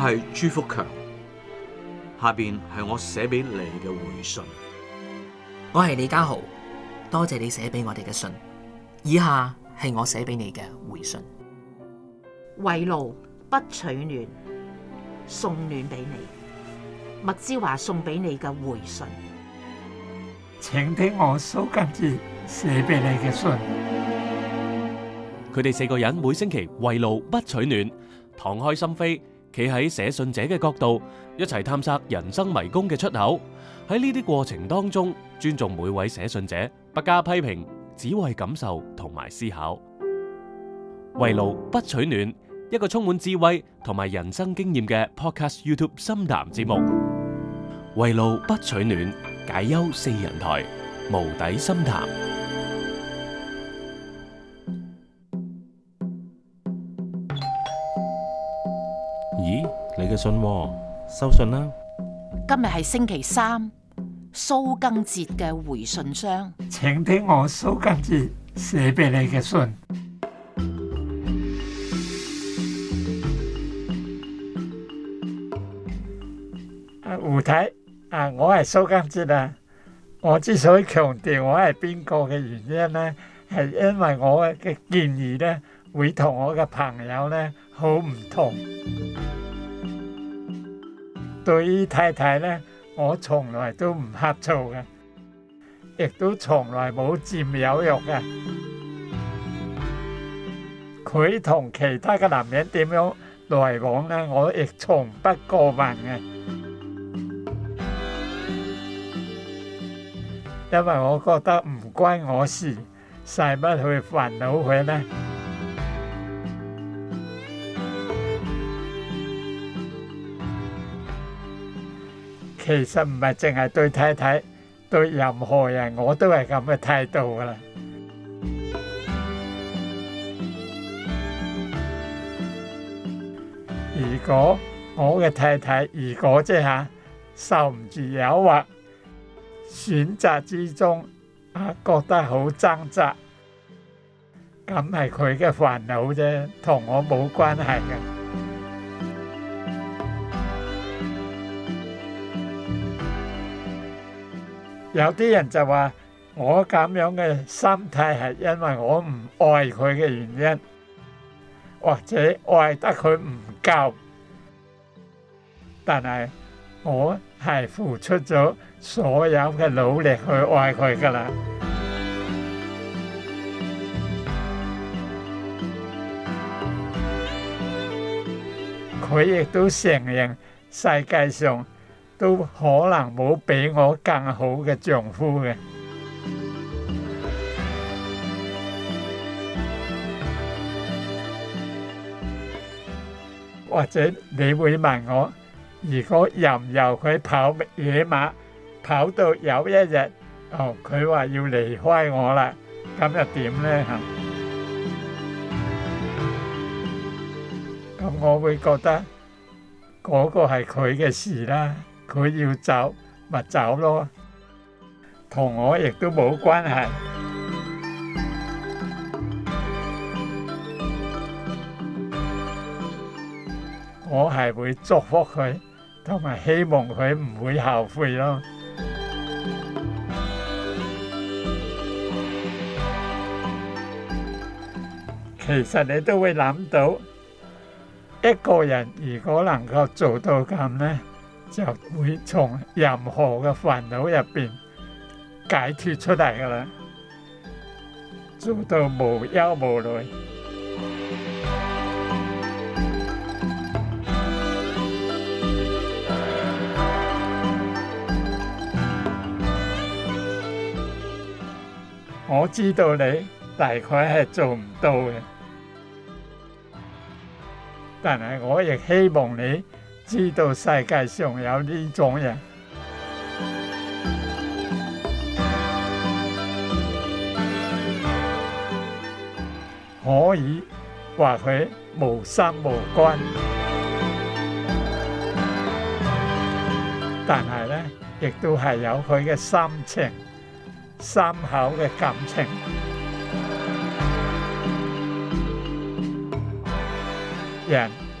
係朱福強，下邊係我寫俾你嘅回信。我係李家豪，多謝你寫俾我哋嘅信，以下係我寫俾你嘅回信。圍爐不取暖，送暖俾你。麥之華送俾你嘅回信，請聽我蘇賡哲寫俾你嘅信。佢哋四個人每星期圍爐不取暖，敞開心扉。企喺寫信者嘅角度，一齊探索人生迷宮嘅出口。喺呢啲過程當中，尊重每位寫信者，不加批評，只為感受同埋思考。圍爐不取暖，一個充滿智慧同埋人生經驗嘅 Podcast YouTube 深談節目。圍爐不取暖，解憂四人台，無底深談。信喎，收信啦！今日係星期三，蘇賡哲嘅回信箱，請聽我蘇賡哲寫俾你嘅信。啊，胡太，啊，我係蘇賡哲啊！我之所以強調我係邊個嘅原因咧，係因為我嘅建議咧會同我嘅朋友咧好唔同。對於太太呢，我從來都唔呷醋嘅，亦都從來冇佔有慾嘅。佢同其他嘅男人點樣來往呢？我亦從不過問嘅，因為我覺得唔關我事，使乜去煩惱佢呢？其實唔係淨係對太太，對任何人我都係咁嘅態度㗎喇。如果我嘅太太，如果即係受唔住誘惑，選擇之中啊覺得好掙扎，咁係佢嘅煩惱啫，同我冇關係嘅。有啲人就話我咁樣嘅心態係因為我唔愛佢嘅原因，或者愛得佢唔夠，但係我係付出咗所有嘅努力去愛佢㗎喇，佢亦都承認世界上，都可能冇比我更好嘅丈夫嘅，或者你會問我，如果任由，由佢跑野馬，跑到有一日，哦、佢話要離開我喇，咁又點咧？咁我會覺得嗰個係佢嘅事啦。佢要走咪走咯，同我亦都冇關係。我係會祝福佢，同埋希望佢唔會後悔咯。其實你都會諗到，一個人如果能夠做到咁呢，就會從任何嘅煩惱入邊解決出嚟噶啦，做到無憂無慮。我知道你大概係做唔到嘅，但係我亦希望你。知道世界上有呢種人，可以話佢無心無肝，但係咧，亦都係有佢嘅心情、深厚嘅感情，人。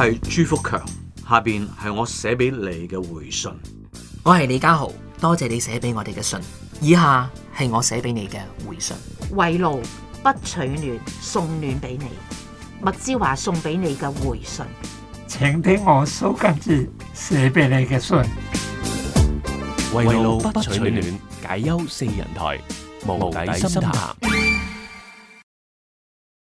係朱福強，下邊係我寫俾你嘅回信。我係李家豪，多謝你寫俾我哋嘅信，以下係我寫俾你嘅回信。圍爐不取暖，送暖俾你。麥芝華送俾你嘅回信，請聽我蘇賡哲寫俾你嘅信。圍爐不取暖，解憂四人台，無底心潭。